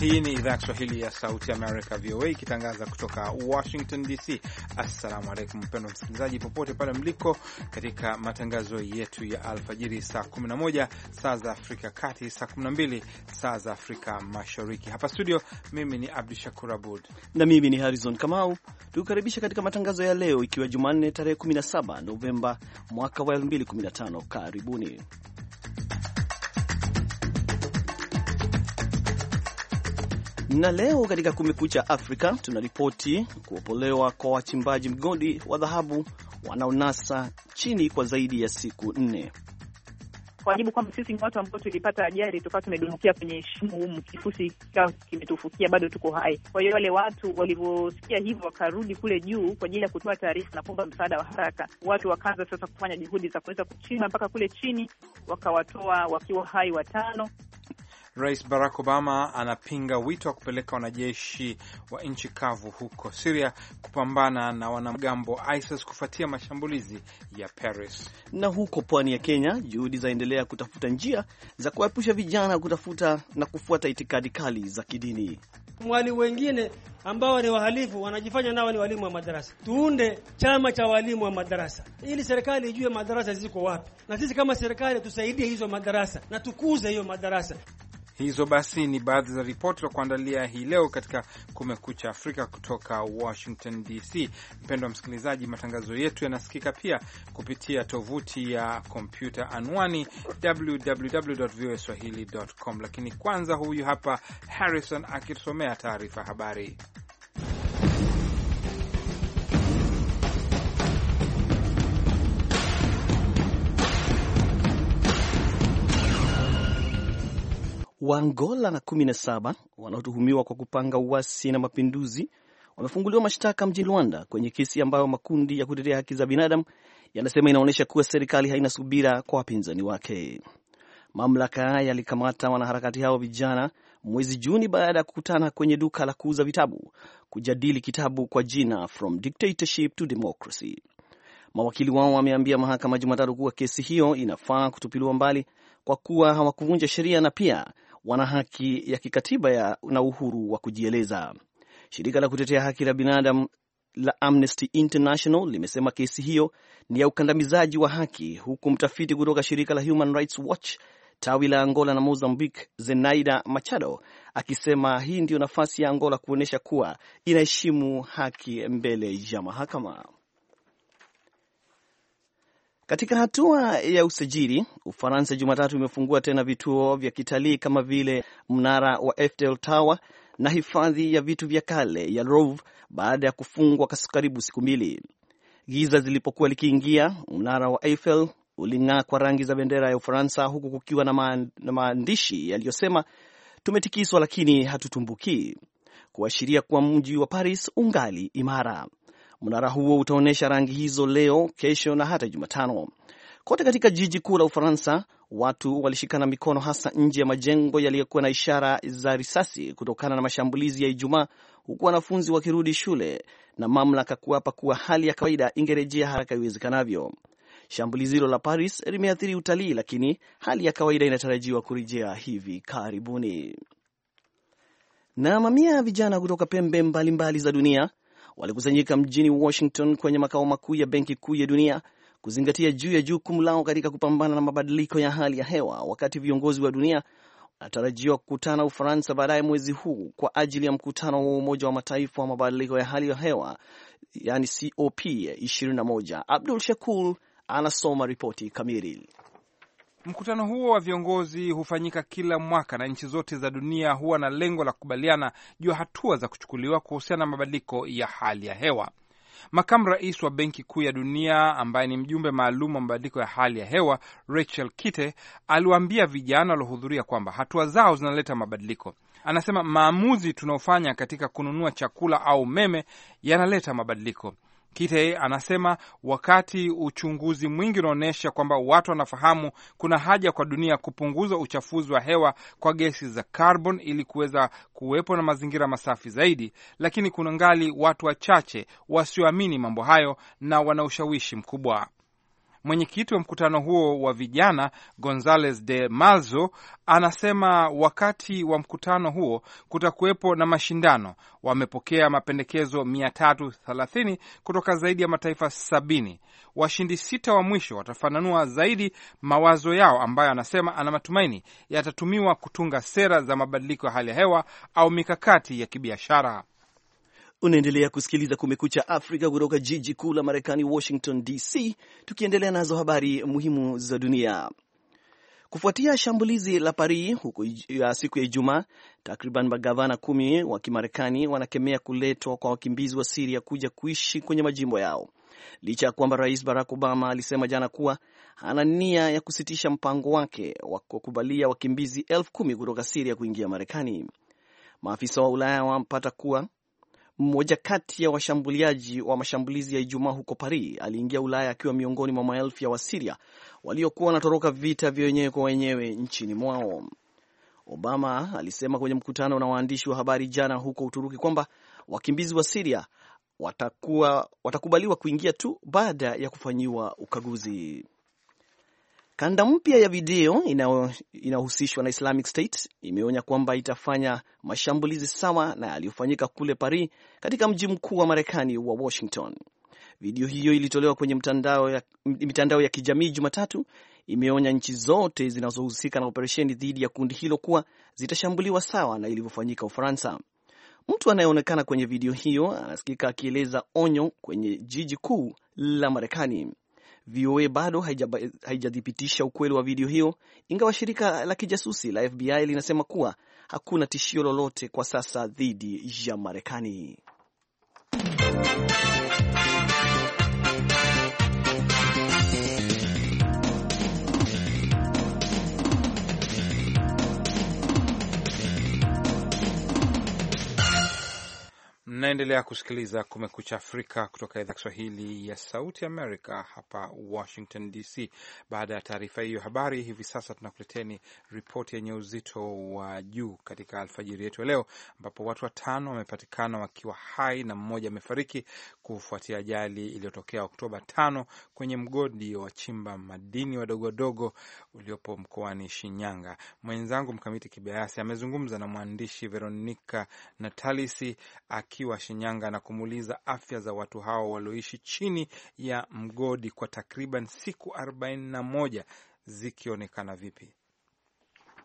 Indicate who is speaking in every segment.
Speaker 1: Hii ni idhaa ya Kiswahili ya Sauti Amerika, VOA, ikitangaza kutoka Washington DC. Assalamu alaikum, mpendwa msikilizaji, popote pale mliko, katika matangazo yetu ya alfajiri, saa 11 saa za Afrika Kati, saa 12 saa za Afrika Mashariki. Hapa studio, mimi ni
Speaker 2: Abdu Shakur Abud na mimi ni Harrison Kamau, tukukaribisha katika matangazo ya leo, ikiwa Jumanne tarehe 17 Novemba mwaka wa 2015. Karibuni. Na leo katika Kumekucha Afrika tunaripoti kuopolewa kwa wachimbaji mgodi wa dhahabu wanaonasa chini kwa zaidi ya siku nne
Speaker 3: wajibu kwamba sisi ni watu ambao tulipata ajali tukawa tumedumukia kwenye shimo humu, kifusi kikawa kimetufukia, bado tuko hai. Kwa hiyo wale watu walivyosikia hivyo wakarudi kule juu kwa ajili ya kutoa taarifa na kuomba msaada wa haraka. Watu wakaanza sasa kufanya juhudi za kuweza kuchimba mpaka kule chini, wakawatoa wakiwa hai watano,
Speaker 1: Rais Barack Obama anapinga wito wa kupeleka wanajeshi wa nchi kavu huko Siria kupambana na wanamgambo ISIS kufuatia
Speaker 2: mashambulizi ya Paris. Na huko pwani ya Kenya, juhudi zaendelea kutafuta njia za kuwaepusha vijana kutafuta na kufuata itikadi kali za kidini.
Speaker 4: mwalimu
Speaker 5: wengine ambao ni wahalifu wanajifanya nao ni walimu wa madarasa. Tuunde chama cha walimu wa madarasa ili serikali ijue madarasa ziko wapi, na sisi kama serikali tusaidie hizo madarasa
Speaker 1: na tukuze hiyo madarasa. Hizo basi ni baadhi za ripoti za kuandalia hii leo katika Kumekucha Afrika kutoka Washington DC. Mpendwa msikilizaji, matangazo yetu yanasikika pia kupitia tovuti ya kompyuta, anwani www.voaswahili.com. Lakini kwanza, huyu hapa Harrison akitusomea taarifa habari.
Speaker 2: wa Angola na 17 wanaotuhumiwa kwa kupanga uasi na mapinduzi wamefunguliwa mashtaka mjini Luanda kwenye kesi ambayo makundi ya kutetea haki za binadamu yanasema inaonyesha kuwa serikali haina subira kwa wapinzani wake. Mamlaka yalikamata wanaharakati hao vijana mwezi Juni baada ya kukutana kwenye duka la kuuza vitabu kujadili kitabu kwa jina From Dictatorship to Democracy. Mawakili wao wameambia mahakama Jumatatu kuwa kesi hiyo inafaa kutupiliwa mbali kwa kuwa hawakuvunja sheria na pia wana haki ya kikatiba ya na uhuru wa kujieleza. Shirika la kutetea haki la binadamu la Amnesty International limesema kesi hiyo ni ya ukandamizaji wa haki, huku mtafiti kutoka shirika la Human Rights Watch tawi la Angola na Mozambique, Zenaida Machado akisema hii ndiyo nafasi ya Angola kuonyesha kuwa inaheshimu haki mbele ya mahakama. Katika hatua ya usajili, Ufaransa Jumatatu imefungua tena vituo vya kitalii kama vile mnara wa Eiffel Tower na hifadhi ya vitu vya kale ya Louvre baada ya kufungwa karibu siku mbili. Giza zilipokuwa likiingia, mnara wa Eiffel uling'aa kwa rangi za bendera ya Ufaransa, huku kukiwa na maandishi yaliyosema tumetikiswa lakini hatutumbukii kuashiria kuwa mji wa Paris ungali imara. Mnara huo utaonyesha rangi hizo leo, kesho na hata Jumatano. Kote katika jiji kuu la Ufaransa, watu walishikana mikono, hasa nje ya majengo yaliyokuwa na ishara za risasi kutokana na mashambulizi ya Ijumaa, huku wanafunzi wakirudi shule na mamlaka kuapa kuwa hali ya kawaida ingerejea haraka iwezekanavyo. Shambulizi hilo la Paris limeathiri utalii, lakini hali ya kawaida inatarajiwa kurejea hivi karibuni. Na mamia ya vijana kutoka pembe mbalimbali mbali za dunia walikusanyika mjini Washington kwenye makao makuu ya Benki Kuu ya Dunia kuzingatia juu ya jukumu lao katika kupambana na mabadiliko ya hali ya hewa, wakati viongozi wa dunia wanatarajiwa kukutana Ufaransa baadaye mwezi huu kwa ajili ya mkutano wa Umoja wa Mataifa wa mabadiliko ya hali ya hewa, yani COP 21. Abdul Shakur anasoma ripoti kamili.
Speaker 1: Mkutano huo wa viongozi hufanyika kila mwaka na nchi zote za dunia huwa na lengo la kukubaliana juu ya hatua za kuchukuliwa kuhusiana na mabadiliko ya hali ya hewa. Makamu rais wa Benki Kuu ya Dunia ambaye ni mjumbe maalum wa mabadiliko ya hali ya hewa Rachel Kite aliwaambia vijana waliohudhuria kwamba hatua zao zinaleta mabadiliko. Anasema maamuzi tunaofanya katika kununua chakula au umeme yanaleta mabadiliko. Kite anasema wakati uchunguzi mwingi unaonyesha kwamba watu wanafahamu kuna haja kwa dunia kupunguza uchafuzi wa hewa kwa gesi za carbon ili kuweza kuwepo na mazingira masafi zaidi, lakini kuna ngali watu wachache wasioamini mambo hayo na wana ushawishi mkubwa. Mwenyekiti wa mkutano huo wa vijana Gonzales de malzo anasema wakati wa mkutano huo kutakuwepo na mashindano. Wamepokea mapendekezo 330 kutoka zaidi ya mataifa sabini. Washindi sita wa mwisho watafananua zaidi mawazo yao ambayo anasema ana matumaini yatatumiwa kutunga sera za mabadiliko ya hali ya hewa au mikakati ya kibiashara.
Speaker 2: Unaendelea kusikiliza Kumekucha Afrika kutoka jiji kuu la Marekani, Washington DC, tukiendelea nazo habari muhimu za dunia. Kufuatia shambulizi la Paris huku ya siku ya Ijumaa, takriban magavana kumi wa Kimarekani wanakemea kuletwa kwa wakimbizi wa Siria kuja kuishi kwenye majimbo yao, licha ya kwamba Rais Barack Obama alisema jana kuwa hana nia ya kusitisha mpango wake wa kukubalia wakimbizi elfu kumi kutoka Siria kuingia Marekani. Maafisa wa Ulaya wampata kuwa mmoja kati ya washambuliaji wa mashambulizi ya Ijumaa huko Paris aliingia Ulaya akiwa miongoni mwa maelfu ya Wasiria waliokuwa wanatoroka vita vya wenyewe kwa wenyewe nchini mwao. Obama alisema kwenye mkutano na waandishi wa habari jana huko Uturuki kwamba wakimbizi wa Siria watakuwa, watakubaliwa kuingia tu baada ya kufanyiwa ukaguzi. Kanda mpya ya video inayohusishwa na Islamic State imeonya kwamba itafanya mashambulizi sawa na yaliyofanyika kule Paris, katika mji mkuu wa Marekani wa Washington. Video hiyo ilitolewa kwenye mitandao ya, mitandao ya kijamii Jumatatu, imeonya nchi zote zinazohusika na operesheni dhidi ya kundi hilo kuwa zitashambuliwa sawa na ilivyofanyika Ufaransa. Mtu anayeonekana kwenye video hiyo anasikika akieleza onyo kwenye jiji kuu la Marekani. VOA bado haijathibitisha ukweli wa video hiyo, ingawa shirika la kijasusi la FBI linasema kuwa hakuna tishio lolote kwa sasa dhidi ya Marekani.
Speaker 1: Mnaendelea kusikiliza Kumekucha Afrika kutoka idhaa Kiswahili ya Sauti Amerika hapa Washington DC. Baada ya taarifa hiyo habari, hivi sasa tunakuleteni ripoti yenye uzito wa juu katika alfajiri yetu ya leo, ambapo watu watano wamepatikana wakiwa hai na mmoja amefariki kufuatia ajali iliyotokea Oktoba tano kwenye mgodi wa chimba madini wadogodogo uliopo mkoani Shinyanga. Mwenzangu Mkamiti Kibayasi amezungumza na mwandishi Veronica Natalisi wa Shinyanga na kumuuliza afya za watu hao walioishi chini ya mgodi kwa takriban siku arobaini na moja zikionekana vipi.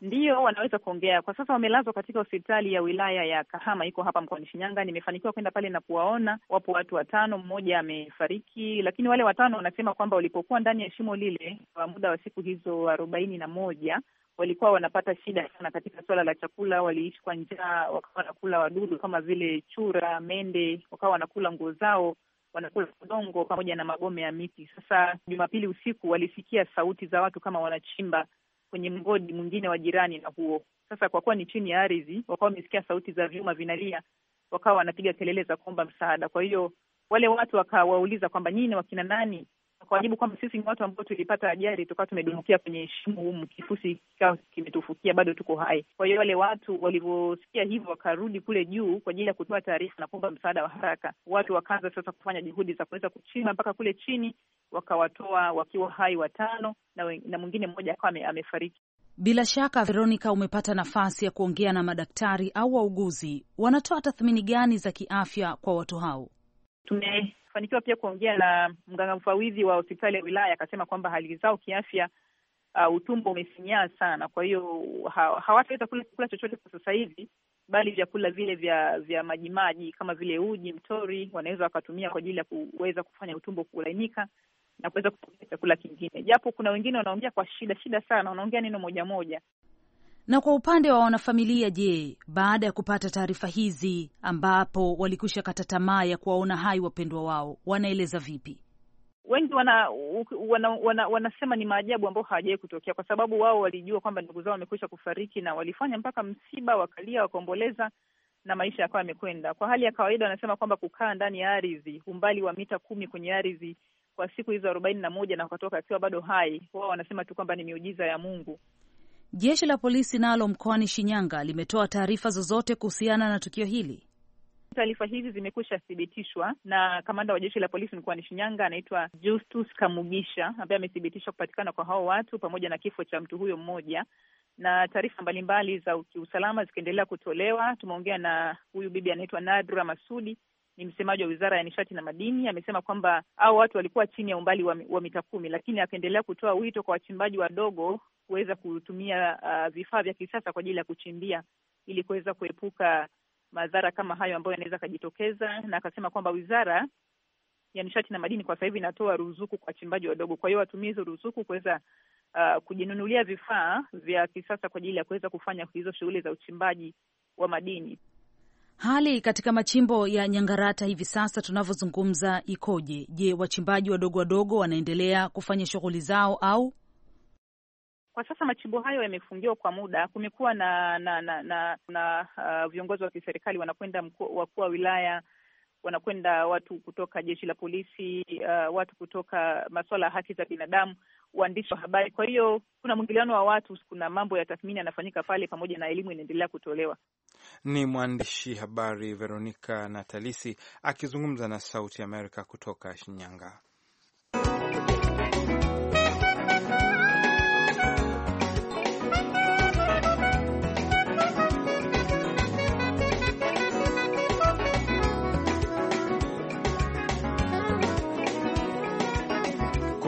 Speaker 3: Ndiyo, wanaweza kuongea kwa sasa. Wamelazwa katika hospitali ya wilaya ya Kahama, iko hapa mkoani Shinyanga. Nimefanikiwa kwenda pale na kuwaona, wapo watu watano, mmoja amefariki, lakini wale watano wanasema kwamba walipokuwa ndani ya shimo lile kwa muda wa siku hizo arobaini na moja walikuwa wanapata shida sana katika suala la chakula, waliishi kwa njaa, wakawa wanakula wadudu kama vile chura, mende, wakawa wanakula nguo zao, wanakula udongo pamoja na magome ya miti. Sasa Jumapili usiku walisikia sauti za watu kama wanachimba kwenye mgodi mwingine wa jirani na huo. Sasa kwa kuwa ni chini ya ardhi, wakawa wamesikia sauti za vyuma vinalia, wakawa wanapiga kelele za kuomba msaada. Kwa hiyo wale watu wakawauliza kwamba nyinyi wakina nani? kwa wajibu kwamba sisi ni watu ambao tulipata ajali tukawa tumedumukia kwenye shimo humu, kifusi kikawa kimetufukia, bado tuko hai. Kwa hiyo wale watu walivyosikia hivyo wakarudi kule juu kwa ajili ya kutoa taarifa na kuomba msaada wa haraka. Watu wakaanza sasa kufanya juhudi za kuweza kuchimba mpaka kule chini, wakawatoa wakiwa hai watano, na, na mwingine mmoja akawa amefariki.
Speaker 6: Bila shaka Veronica, umepata nafasi ya kuongea na madaktari au wauguzi, wanatoa tathmini gani za kiafya kwa watu hao? Tume
Speaker 3: kufanikiwa pia kuongea na mganga mfawidhi wa hospitali ya wilaya, akasema kwamba hali zao kiafya, uh, utumbo umesinyaa sana, kwa hiyo ha, hawataweza kula chakula chochote kwa sasa hivi, bali vyakula vile vya vya majimaji kama vile uji, mtori wanaweza wakatumia kwa ajili ya kuweza kufanya utumbo kulainika na kuweza kupokea chakula kingine, japo kuna wengine wanaongea kwa shida shida sana, wanaongea neno moja moja.
Speaker 6: Na kwa upande wa wanafamilia, je, baada ya kupata taarifa hizi ambapo walikwisha kata tamaa ya kuwaona hai wapendwa wao, wanaeleza vipi?
Speaker 3: Wengi wana, wana, wana, wanasema ni maajabu ambayo hawajawahi kutokea, kwa sababu wao walijua kwamba ndugu zao wamekwisha kufariki na walifanya mpaka msiba, wakalia, wakaomboleza na maisha yakawa yamekwenda. Kwa hali ya kawaida, wanasema kwamba kukaa ndani ya ardhi umbali wa mita kumi kwenye ardhi kwa siku hizo arobaini na moja na wakatoka akiwa bado hai, wao wanasema tu kwamba ni miujiza ya Mungu.
Speaker 6: Jeshi la polisi nalo mkoani Shinyanga limetoa taarifa zozote kuhusiana na tukio hili?
Speaker 3: Taarifa hizi zimekwisha thibitishwa na kamanda wa jeshi la polisi mkoani Shinyanga anaitwa Justus Kamugisha, ambaye amethibitisha kupatikana kwa hao watu pamoja na kifo cha mtu huyo mmoja, na taarifa mbalimbali za kiusalama zikiendelea kutolewa. Tumeongea na huyu bibi anaitwa Nadra Masudi, ni msemaji wa wizara ya nishati na madini. Amesema kwamba hao watu walikuwa chini ya umbali wa, wa mita kumi, lakini akaendelea kutoa wito kwa wachimbaji wadogo kuweza kutumia uh, vifaa vya kisasa kwa ajili ya kuchimbia ili kuweza kuepuka madhara kama hayo ambayo yanaweza akajitokeza, na akasema kwamba wizara ya nishati na madini kwa sasa hivi inatoa ruzuku kwa wachimbaji wadogo, kwa hiyo watumie hizo ruzuku kuweza uh, kujinunulia vifaa vya kisasa kwa ajili ya kuweza kufanya hizo shughuli za uchimbaji wa madini.
Speaker 6: Hali katika machimbo ya Nyangarata hivi sasa tunavyozungumza ikoje? Je, wachimbaji wadogo wadogo wanaendelea kufanya shughuli zao au
Speaker 3: kwa sasa machimbo hayo yamefungiwa kwa muda. Kumekuwa na na na, na, na uh, viongozi wa kiserikali wanakwenda, wakuu wa wilaya wanakwenda, watu kutoka jeshi la polisi, uh, watu kutoka masuala ya haki za binadamu, waandishi wa habari. Kwa hiyo kuna mwingiliano wa watu, kuna mambo ya tathmini yanafanyika pale, pamoja na elimu inaendelea kutolewa.
Speaker 1: Ni mwandishi habari Veronica Natalisi akizungumza na Sauti Amerika kutoka Shinyanga.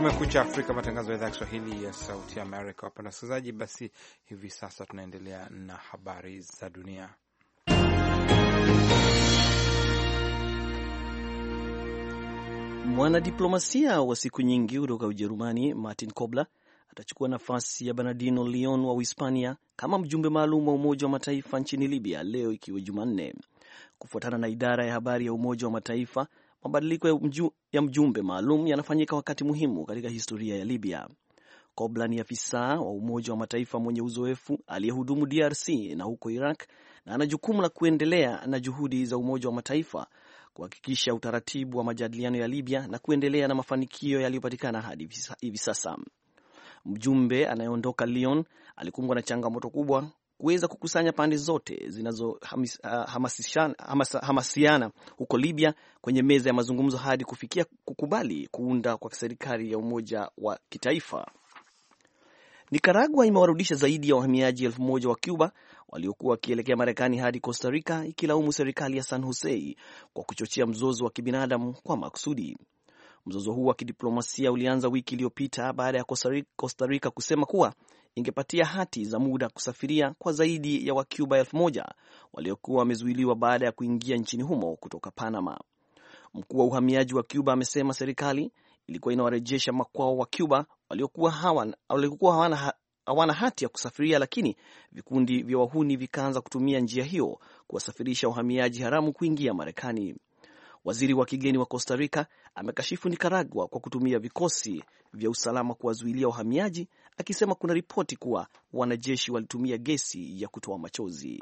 Speaker 1: Kumekucha Afrika, matangazo ya idhaa ya Kiswahili ya Sauti Amerika. Wapenda wasikilizaji, basi hivi sasa tunaendelea na habari za dunia.
Speaker 2: Mwanadiplomasia wa siku nyingi kutoka Ujerumani Martin Kobler atachukua nafasi ya Bernardino Leon wa Uhispania kama mjumbe maalum wa Umoja wa Mataifa nchini Libya leo ikiwa Jumanne, kufuatana na idara ya habari ya Umoja wa Mataifa mabadiliko ya, mju, ya mjumbe maalum yanafanyika wakati muhimu katika historia ya Libya. Kobla ni afisa wa Umoja wa Mataifa mwenye uzoefu aliyehudumu DRC na huko Iraq na ana jukumu la kuendelea na juhudi za Umoja wa Mataifa kuhakikisha utaratibu wa majadiliano ya Libya na kuendelea na mafanikio yaliyopatikana hadi hivi sasa. Mjumbe anayeondoka Lyon alikumbwa na changamoto kubwa kuweza kukusanya pande zote zinazohamasiana ah, huko Libya kwenye meza ya mazungumzo hadi kufikia kukubali kuunda kwa serikali ya umoja wa kitaifa. Nikaragua imewarudisha zaidi ya wahamiaji elfu moja wa Cuba waliokuwa wakielekea Marekani hadi Costa Rica, ikilaumu serikali ya San Jose kwa kuchochea mzozo wa kibinadamu kwa makusudi. Mzozo huu wa kidiplomasia ulianza wiki iliyopita baada ya Costa Rica kusema kuwa ingepatia hati za muda kusafiria kwa zaidi ya Wacuba elfu moja waliokuwa wamezuiliwa baada ya kuingia nchini humo kutoka Panama. Mkuu wa uhamiaji wa Cuba amesema serikali ilikuwa inawarejesha makwao wa Cuba waliokuwa hawana, waliokuwa hawana, hawana hati ya kusafiria, lakini vikundi vya wahuni vikaanza kutumia njia hiyo kuwasafirisha wahamiaji haramu kuingia Marekani. Waziri wa kigeni wa Costa Rica amekashifu Nicaragua kwa kutumia vikosi vya usalama kuwazuilia wahamiaji, akisema kuna ripoti kuwa wanajeshi walitumia gesi ya kutoa machozi.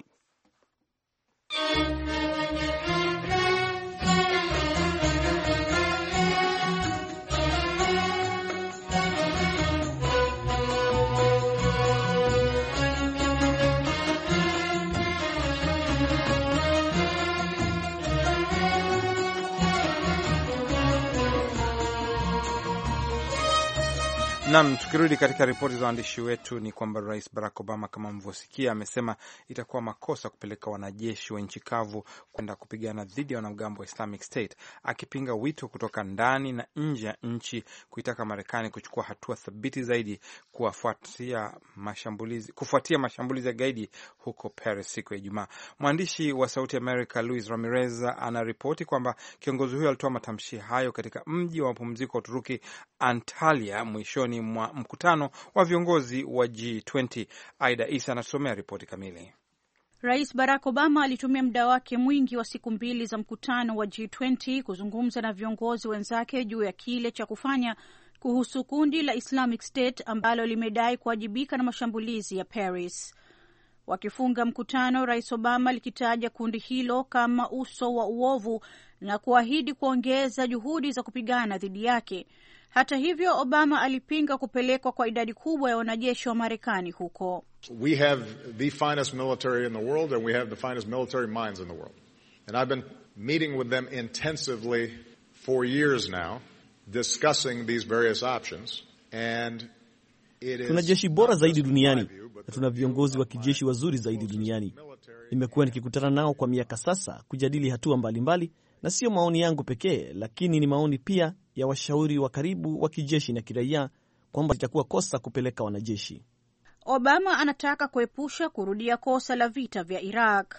Speaker 1: Nam, tukirudi katika ripoti za waandishi wetu ni kwamba Rais Barack Obama kama mlivyosikia, amesema itakuwa makosa kupeleka wanajeshi wa nchi kavu kwenda kupigana dhidi ya wanamgambo wa Islamic State, akipinga wito kutoka ndani na nje ya nchi kuitaka Marekani kuchukua hatua thabiti zaidi kufuatia mashambulizi, kufuatia mashambulizi ya gaidi huko Paris siku ya Ijumaa. Mwandishi wa Sauti America Luis Ramirez anaripoti kwamba kiongozi huyo alitoa matamshi hayo katika mji wa mapumziko wa Uturuki Antalya mwishoni mwa mkutano wa viongozi wa G20. Aida Isa anatusomea ripoti kamili.
Speaker 6: Rais Barack Obama alitumia muda wake mwingi wa siku mbili za mkutano wa G20 kuzungumza na viongozi wenzake juu ya kile cha kufanya kuhusu kundi la Islamic State ambalo limedai kuwajibika na mashambulizi ya Paris. Wakifunga mkutano, Rais Obama alikitaja kundi hilo kama uso wa uovu na kuahidi kuongeza juhudi za kupigana dhidi yake hata hivyo, Obama alipinga kupelekwa kwa idadi kubwa ya wanajeshi wa Marekani huko.
Speaker 4: We have the finest military in the world and we have the finest military minds in the world. And I've been meeting with them intensively for years now discussing these various options and tuna jeshi
Speaker 2: bora zaidi duniani na tuna viongozi wa kijeshi wazuri zaidi duniani. Nimekuwa nikikutana nao kwa miaka sasa kujadili hatua mbalimbali, na siyo maoni yangu pekee, lakini ni maoni pia ya washauri wa karibu wa kijeshi na kiraia kwamba litakuwa kosa kupeleka wanajeshi.
Speaker 6: Obama anataka kuepusha kurudia kosa la vita vya Iraq.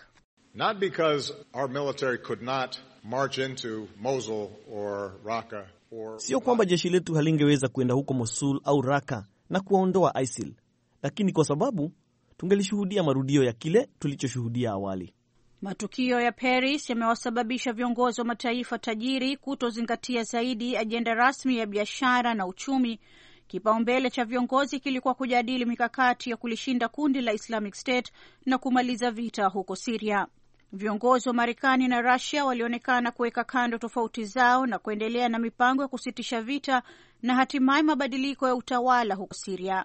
Speaker 4: Not because our military could not march into Mosul or Raqqa or... Sio
Speaker 2: kwamba jeshi letu halingeweza kuenda huko Mosul au Raqqa na kuwaondoa ISIL, lakini kwa sababu tungelishuhudia marudio ya kile tulichoshuhudia awali.
Speaker 6: Matukio ya Paris yamewasababisha viongozi wa mataifa tajiri kutozingatia zaidi ajenda rasmi ya biashara na uchumi. Kipaumbele cha viongozi kilikuwa kujadili mikakati ya kulishinda kundi la Islamic State na kumaliza vita huko Siria. Viongozi wa Marekani na Rasia walionekana kuweka kando tofauti zao na kuendelea na mipango ya kusitisha vita na hatimaye mabadiliko ya utawala huko Siria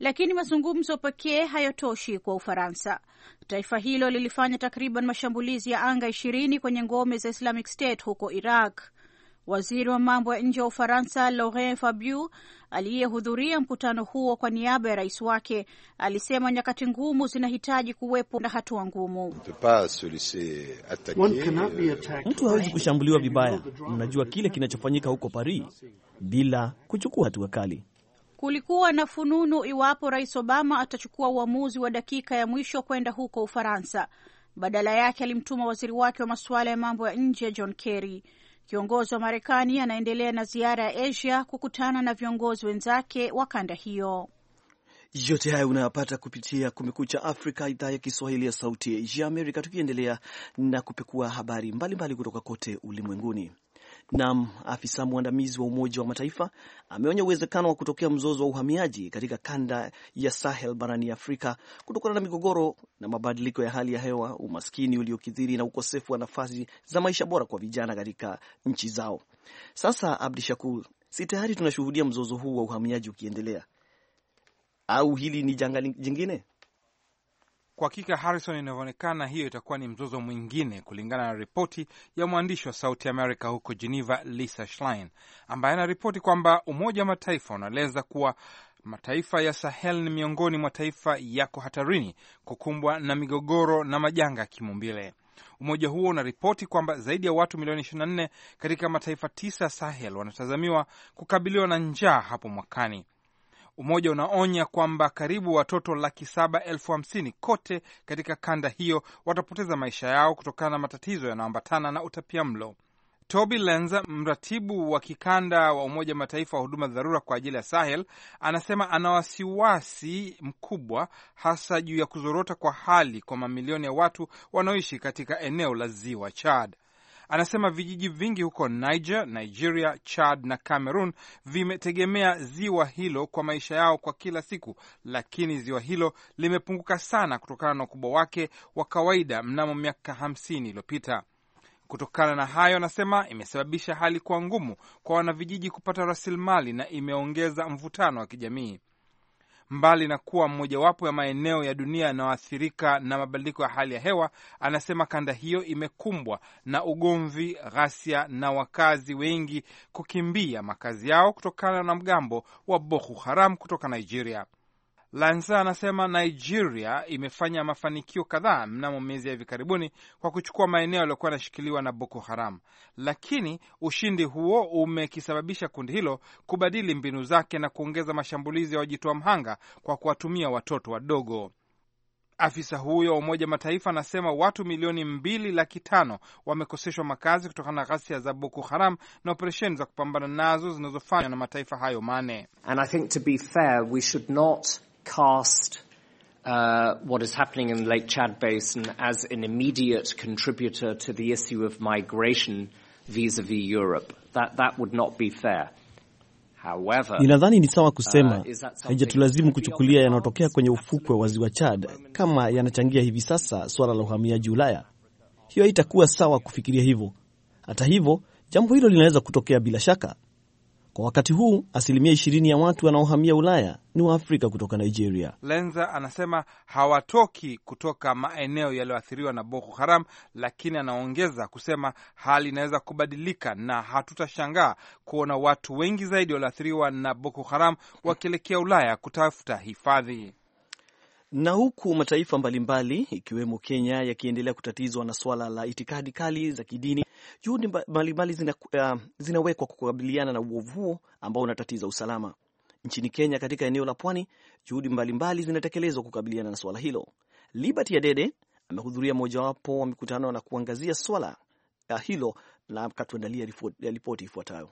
Speaker 6: lakini mazungumzo pekee hayatoshi kwa Ufaransa. Taifa hilo lilifanya takriban mashambulizi ya anga ishirini kwenye ngome za Islamic State huko Iraq. Waziri wa mambo ya nje wa Ufaransa Laurent Fabius aliyehudhuria mkutano huo kwa niaba ya rais wake alisema nyakati ngumu zinahitaji kuwepo na hatua ngumu.
Speaker 4: Euh,
Speaker 2: Mtu hawezi kushambuliwa vibaya, mnajua kile kinachofanyika huko Paris, bila kuchukua hatua kali.
Speaker 6: Kulikuwa na fununu iwapo Rais Obama atachukua uamuzi wa dakika ya mwisho kwenda huko Ufaransa. Badala yake alimtuma waziri wake wa masuala ya mambo ya nje John Kerry. Kiongozi wa Marekani anaendelea na ziara ya Asia kukutana na viongozi wenzake wa kanda hiyo.
Speaker 2: Yote haya unayapata kupitia Kumekucha Afrika, idhaa ya Kiswahili ya Sauti ya Amerika, tukiendelea na kupekua habari mbalimbali kutoka kote ulimwenguni nam afisa mwandamizi wa Umoja wa Mataifa ameonya uwezekano wa kutokea mzozo wa uhamiaji katika kanda ya Sahel barani Afrika kutokana na migogoro na mabadiliko ya hali ya hewa, umaskini uliokithiri na ukosefu wa nafasi za maisha bora kwa vijana katika nchi zao. Sasa Abdi Shakur, si tayari tunashuhudia mzozo huu wa uhamiaji ukiendelea, au hili ni janga jingine?
Speaker 1: Kwa hakika, Harrison, inavyoonekana hiyo itakuwa ni mzozo mwingine, kulingana na ripoti ya mwandishi wa Sauti Amerika huko Geneva, Lisa Schlein, ambaye anaripoti kwamba Umoja wa Mataifa unaeleza kuwa mataifa ya Sahel ni miongoni mwa taifa yako hatarini kukumbwa na migogoro na majanga ya kimumbile. Umoja huo unaripoti kwamba zaidi ya watu milioni 24 katika mataifa tisa Sahel wanatazamiwa kukabiliwa na njaa hapo mwakani. Umoja unaonya kwamba karibu watoto laki saba elfu hamsini kote katika kanda hiyo watapoteza maisha yao kutokana na matatizo yanayoambatana na utapia mlo Toby lenz mratibu wa kikanda wa Umoja wa Mataifa wa huduma za dharura kwa ajili ya Sahel, anasema ana wasiwasi mkubwa hasa juu ya kuzorota kwa hali kwa mamilioni ya watu wanaoishi katika eneo la ziwa Chad. Anasema vijiji vingi huko Niger, Nigeria, Chad na Cameroon vimetegemea ziwa hilo kwa maisha yao kwa kila siku, lakini ziwa hilo limepunguka sana kutokana na ukubwa wake wa kawaida mnamo miaka hamsini iliyopita. Kutokana na hayo, anasema imesababisha hali kuwa ngumu kwa wanavijiji kupata rasilimali na imeongeza mvutano wa kijamii mbali na kuwa mmojawapo ya maeneo ya dunia yanayoathirika na mabadiliko ya hali ya hewa, anasema kanda hiyo imekumbwa na ugomvi, ghasia na wakazi wengi kukimbia makazi yao kutokana na mgambo wa Boko Haram kutoka Nigeria. Lansa anasema Nigeria imefanya mafanikio kadhaa mnamo miezi ya hivi karibuni kwa kuchukua maeneo yaliyokuwa yanashikiliwa na Boko Haram, lakini ushindi huo umekisababisha kundi hilo kubadili mbinu zake na kuongeza mashambulizi ya wajitoa mhanga kwa kuwatumia watoto wadogo. Afisa huyo wa Umoja Mataifa anasema watu milioni mbili laki tano wamekoseshwa makazi kutokana na ghasia za Boko Haram na operesheni za kupambana nazo zinazofanywa na mataifa hayo manne. And I think to be fair, we should not cast uh, what is happening in the Lake Chad Basin as an immediate contributor to the issue of migration vis à vis Europe. That, that would not be fair.
Speaker 7: However, ninadhani ni sawa kusema uh, haijatulazimu kuchukulia
Speaker 2: yanayotokea kwenye ufukwe wa ziwa Chad kama yanachangia hivi sasa suala la uhamiaji Ulaya. Hiyo haitakuwa sawa kufikiria hivyo. Hata hivyo, jambo hilo linaweza kutokea bila shaka. Kwa wakati huu asilimia ishirini ya watu wanaohamia Ulaya ni Waafrika kutoka Nigeria.
Speaker 1: Lenza anasema hawatoki kutoka maeneo yaliyoathiriwa na Boko Haram, lakini anaongeza kusema hali inaweza kubadilika na hatutashangaa kuona watu wengi zaidi walioathiriwa na Boko Haram wakielekea Ulaya kutafuta hifadhi.
Speaker 2: Na huku mataifa mbalimbali ikiwemo Kenya yakiendelea kutatizwa na swala la itikadi kali za kidini, juhudi mbalimbali zina, uh, zinawekwa kukabiliana na uovu huo ambao unatatiza usalama nchini Kenya. Katika eneo la pwani, juhudi mbalimbali zinatekelezwa kukabiliana na swala hilo. Liberty Adede amehudhuria mojawapo wa mikutano na kuangazia swala uh, hilo na akatuandalia ripoti ifuatayo.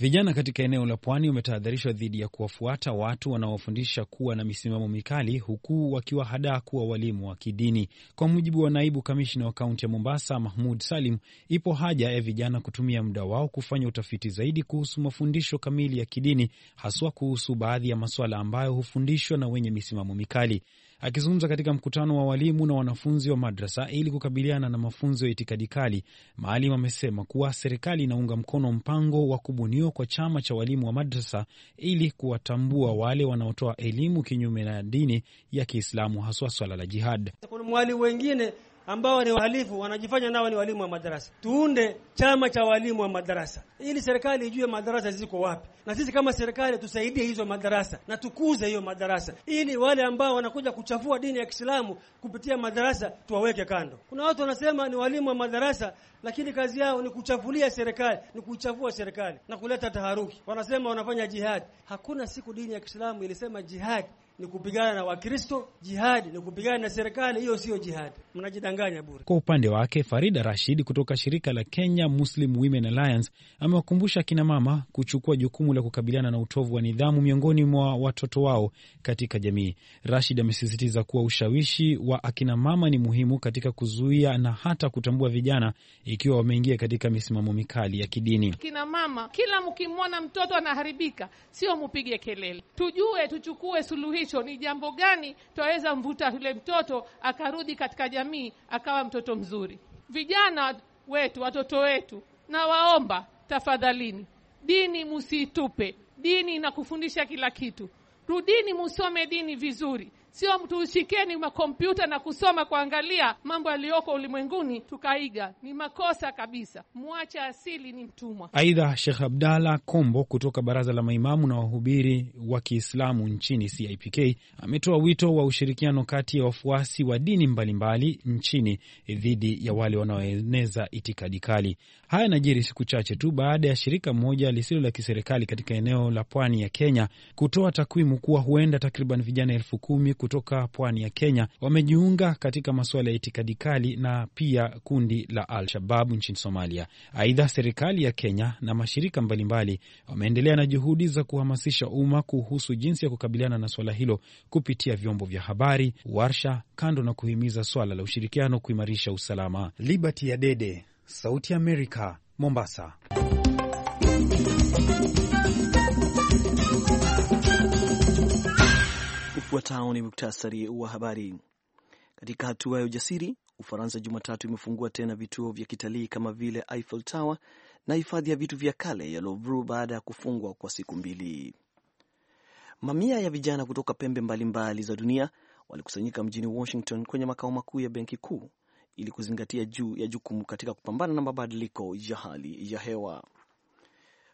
Speaker 5: Vijana katika eneo la pwani wametahadharishwa dhidi ya kuwafuata watu wanaowafundisha kuwa na misimamo mikali huku wakiwa hada kuwa walimu wa kidini. Kwa mujibu wa naibu kamishna wa kaunti ya Mombasa, Mahmud Salim, ipo haja ya vijana kutumia muda wao kufanya utafiti zaidi kuhusu mafundisho kamili ya kidini, haswa kuhusu baadhi ya masuala ambayo hufundishwa na wenye misimamo mikali. Akizungumza katika mkutano wa walimu na wanafunzi wa madrasa ili kukabiliana na mafunzo ya itikadi kali, Maalim amesema kuwa serikali inaunga mkono mpango wa kubuniwa kwa chama cha walimu wa madrasa ili kuwatambua wale wanaotoa elimu kinyume na dini ya Kiislamu, haswa swala la jihad. Kuna mwalimu wengine ambao ni wahalifu wanajifanya nao ni walimu wa madarasa. Tuunde chama cha walimu wa madarasa ili serikali ijue madarasa ziko wapi, na sisi kama serikali tusaidie hizo madarasa na tukuze hiyo madarasa, ili wale ambao wanakuja kuchafua dini ya Kiislamu kupitia madarasa tuwaweke kando. Kuna watu wanasema ni walimu wa madarasa, lakini kazi yao ni kuchafulia serikali, ni kuichafua serikali na kuleta taharuki. Wanasema wanafanya jihad. Hakuna siku dini ya Kiislamu ilisema jihad ni kupigana na Wakristo, jihadi ni kupigana na serikali, hiyo sio jihadi, mnajidanganya bure. Kwa upande wake, Farida Rashid kutoka shirika la Kenya Muslim Women Alliance amewakumbusha kina mama kuchukua jukumu la kukabiliana na utovu wa nidhamu miongoni mwa watoto wao katika jamii. Rashid amesisitiza kuwa ushawishi wa akina mama ni muhimu katika kuzuia na hata kutambua vijana ikiwa wameingia katika misimamo mikali ya kidini.
Speaker 3: Kina mama, kila mkimwona mtoto anaharibika, sio mupige kelele, tujue tuchukue suluhisho hicho ni jambo gani twaweza mvuta yule mtoto akarudi katika jamii akawa mtoto mzuri. Vijana wetu, watoto wetu, nawaomba tafadhalini, dini musitupe. Dini inakufundisha kila kitu. Rudini musome dini vizuri, Sio ushikeni makompyuta na kusoma kuangalia mambo yaliyoko ulimwenguni tukaiga, ni makosa kabisa. Mwacha asili ni mtumwa.
Speaker 5: Aidha, Shekh Abdalla Kombo kutoka Baraza la Maimamu na Wahubiri wa Kiislamu nchini CIPK ametoa wito wa ushirikiano kati ya wafuasi wa dini mbalimbali nchini dhidi ya wale wanaoeneza itikadi kali. Haya yanajiri siku chache tu baada ya shirika moja lisilo la kiserikali katika eneo la pwani ya Kenya kutoa takwimu kuwa huenda takriban vijana elfu kumi kutoka pwani ya Kenya wamejiunga katika masuala ya itikadi kali na pia kundi la Al-Shabab nchini Somalia. Aidha, serikali ya Kenya na mashirika mbalimbali wameendelea na juhudi za kuhamasisha umma kuhusu jinsi ya kukabiliana na swala hilo kupitia vyombo vya habari, warsha, kando na kuhimiza swala la ushirikiano kuimarisha usalama. Liberty ya Dede, Sauti ya Amerika, Mombasa.
Speaker 2: Ufuatao ni muktasari wa habari. Katika hatua ya ujasiri, Ufaransa Jumatatu imefungua tena vituo vya kitalii kama vile Eiffel Tower na hifadhi ya vitu vya kale ya Louvre baada ya kufungwa kwa siku mbili. Mamia ya vijana kutoka pembe mbalimbali mbali za dunia walikusanyika mjini Washington kwenye makao makuu ya benki kuu ili kuzingatia juu ya jukumu katika kupambana na mabadiliko ya hali ya hewa.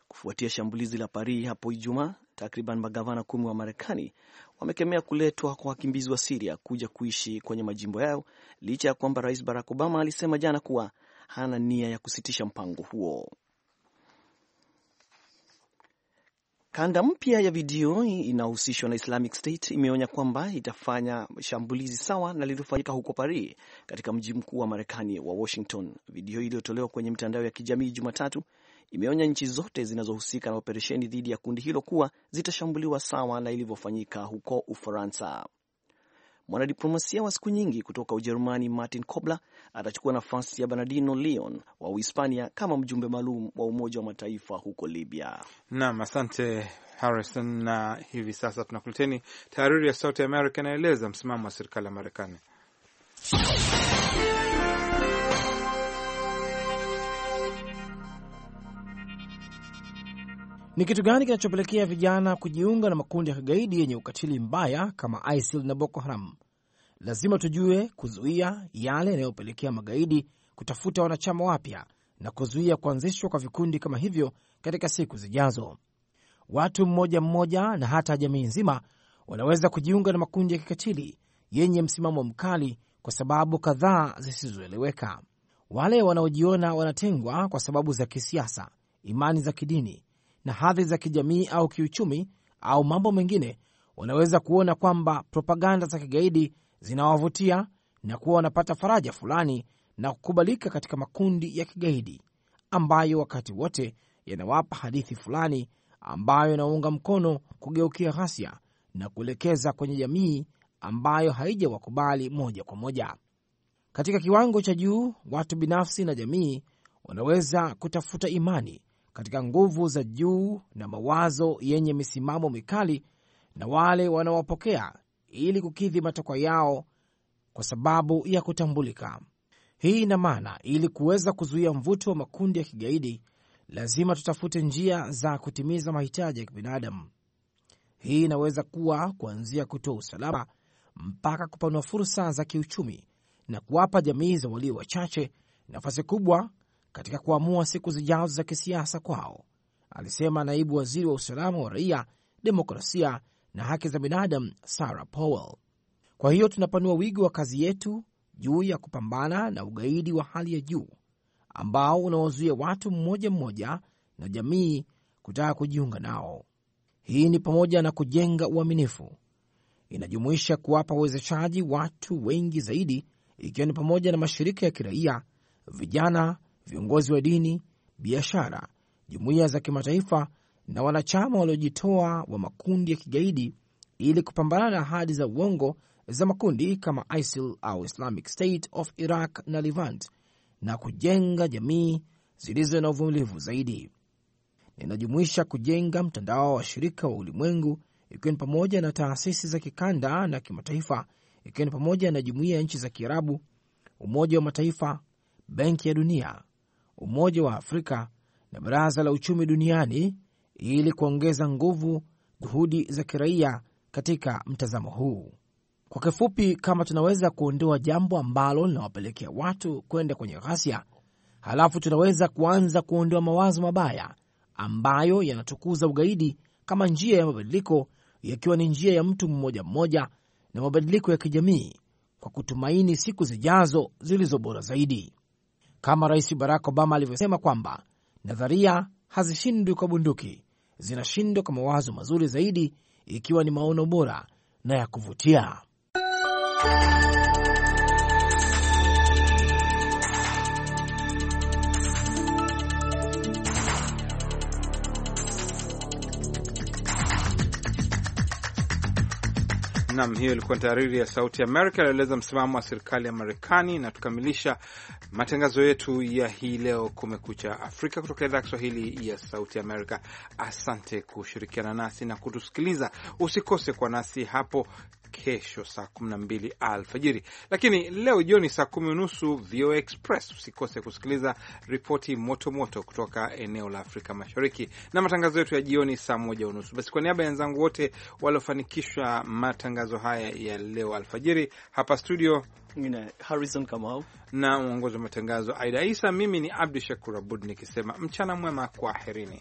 Speaker 2: Kufuatia shambulizi la Paris hapo Ijumaa, takriban magavana kumi wa Marekani wamekemea kuletwa kwa wakimbizi wa Siria kuja kuishi kwenye majimbo yao licha ya kwamba Rais Barack Obama alisema jana kuwa hana nia ya kusitisha mpango huo. Kanda mpya ya video inayohusishwa na Islamic State imeonya kwamba itafanya shambulizi sawa na lililofanyika huko Paris, katika mji mkuu wa Marekani wa Washington. Video iliyotolewa kwenye mitandao ya kijamii Jumatatu imeonya nchi zote zinazohusika na operesheni dhidi ya kundi hilo kuwa zitashambuliwa sawa na ilivyofanyika huko Ufaransa. Mwanadiplomasia wa siku nyingi kutoka Ujerumani Martin Kobler atachukua nafasi ya Bernardino Leon wa Uhispania kama mjumbe maalum wa Umoja wa Mataifa huko Libya.
Speaker 1: Naam, asante Harrison. Na hivi sasa tunakuleteni tahariri ya Sauti ya Amerika inaeleza msimamo wa serikali
Speaker 7: ya Marekani. Ni kitu gani kinachopelekea vijana kujiunga na makundi ya kigaidi yenye ukatili mbaya kama ISIL na Boko Haram? Lazima tujue kuzuia yale yanayopelekea magaidi kutafuta wanachama wapya na kuzuia kuanzishwa kwa vikundi kama hivyo katika siku zijazo. Watu mmoja mmoja na hata jamii nzima wanaweza kujiunga na makundi ya kikatili yenye msimamo mkali kwa sababu kadhaa zisizoeleweka. Wale wanaojiona wanatengwa kwa sababu za kisiasa, imani za kidini na hadhi za kijamii au kiuchumi au mambo mengine, wanaweza kuona kwamba propaganda za kigaidi zinawavutia na kuwa wanapata faraja fulani na kukubalika katika makundi ya kigaidi ambayo wakati wote yanawapa hadithi fulani ambayo inaunga mkono kugeukia ghasia na kuelekeza kwenye jamii ambayo haijawakubali moja kwa moja. Katika kiwango cha juu, watu binafsi na jamii wanaweza kutafuta imani katika nguvu za juu na mawazo yenye misimamo mikali na wale wanaowapokea ili kukidhi matakwa yao kwa sababu ya kutambulika. Hii ina maana, ili kuweza kuzuia mvuto wa makundi ya kigaidi, lazima tutafute njia za kutimiza mahitaji ya kibinadamu. Hii inaweza kuwa kuanzia kutoa usalama mpaka kupanua fursa za kiuchumi na kuwapa jamii za walio wachache nafasi kubwa katika kuamua siku zijazo za kisiasa kwao, alisema naibu waziri wa usalama wa raia, demokrasia na haki za binadamu Sarah Powell. Kwa hiyo tunapanua wigo wa kazi yetu juu ya kupambana na ugaidi wa hali ya juu ambao unawazuia watu mmoja mmoja na jamii kutaka kujiunga nao. Hii ni pamoja na kujenga uaminifu, inajumuisha kuwapa uwezeshaji watu wengi zaidi, ikiwa ni pamoja na mashirika ya kiraia, vijana viongozi wa dini, biashara, jumuiya za kimataifa na wanachama waliojitoa wa makundi ya kigaidi ili kupambana na ahadi za uongo za makundi kama ISIL au Islamic State of Iraq na Levant na kujenga jamii zilizo na uvumilivu zaidi. Inajumuisha kujenga mtandao wa washirika wa ulimwengu, ikiwa ni pamoja na taasisi za kikanda na kimataifa, ikiwa ni pamoja na jumuiya ya nchi za Kiarabu, Umoja wa Mataifa, Benki ya Dunia, Umoja wa Afrika na Baraza la Uchumi Duniani ili kuongeza nguvu juhudi za kiraia katika mtazamo huu. Kwa kifupi, kama tunaweza kuondoa jambo ambalo linawapelekea watu kwenda kwenye ghasia, halafu tunaweza kuanza kuondoa mawazo mabaya ambayo yanatukuza ugaidi kama njia ya mabadiliko, yakiwa ni njia ya mtu mmoja mmoja na mabadiliko ya kijamii, kwa kutumaini siku zijazo zilizo bora zaidi kama Rais Barack Obama alivyosema kwamba nadharia hazishindwi kwa bunduki, zinashindwa kwa mawazo mazuri zaidi, ikiwa ni maono bora na ya kuvutia.
Speaker 1: Nam, hiyo ilikuwa tahariri ya Sauti Amerika ilieleza msimamo wa serikali ya Marekani, na tukamilisha matangazo yetu ya hii leo, Kumekucha Afrika, kutoka idhaa ya Kiswahili ya Sauti Amerika. Asante kushirikiana nasi na kutusikiliza. Usikose kwa nasi hapo kesho saa 12 alfajiri, lakini leo jioni saa kumi unusu VOA Express. Usikose kusikiliza ripoti motomoto kutoka eneo la Afrika Mashariki na matangazo yetu ya jioni saa moja unusu. Basi kwa niaba ya wenzangu wote waliofanikisha matangazo haya ya leo alfajiri hapa studio Harrison Kamau na mwongozi wa matangazo Aida Isa, mimi ni Abdu Shakur Abud nikisema mchana mwema, kwaherini.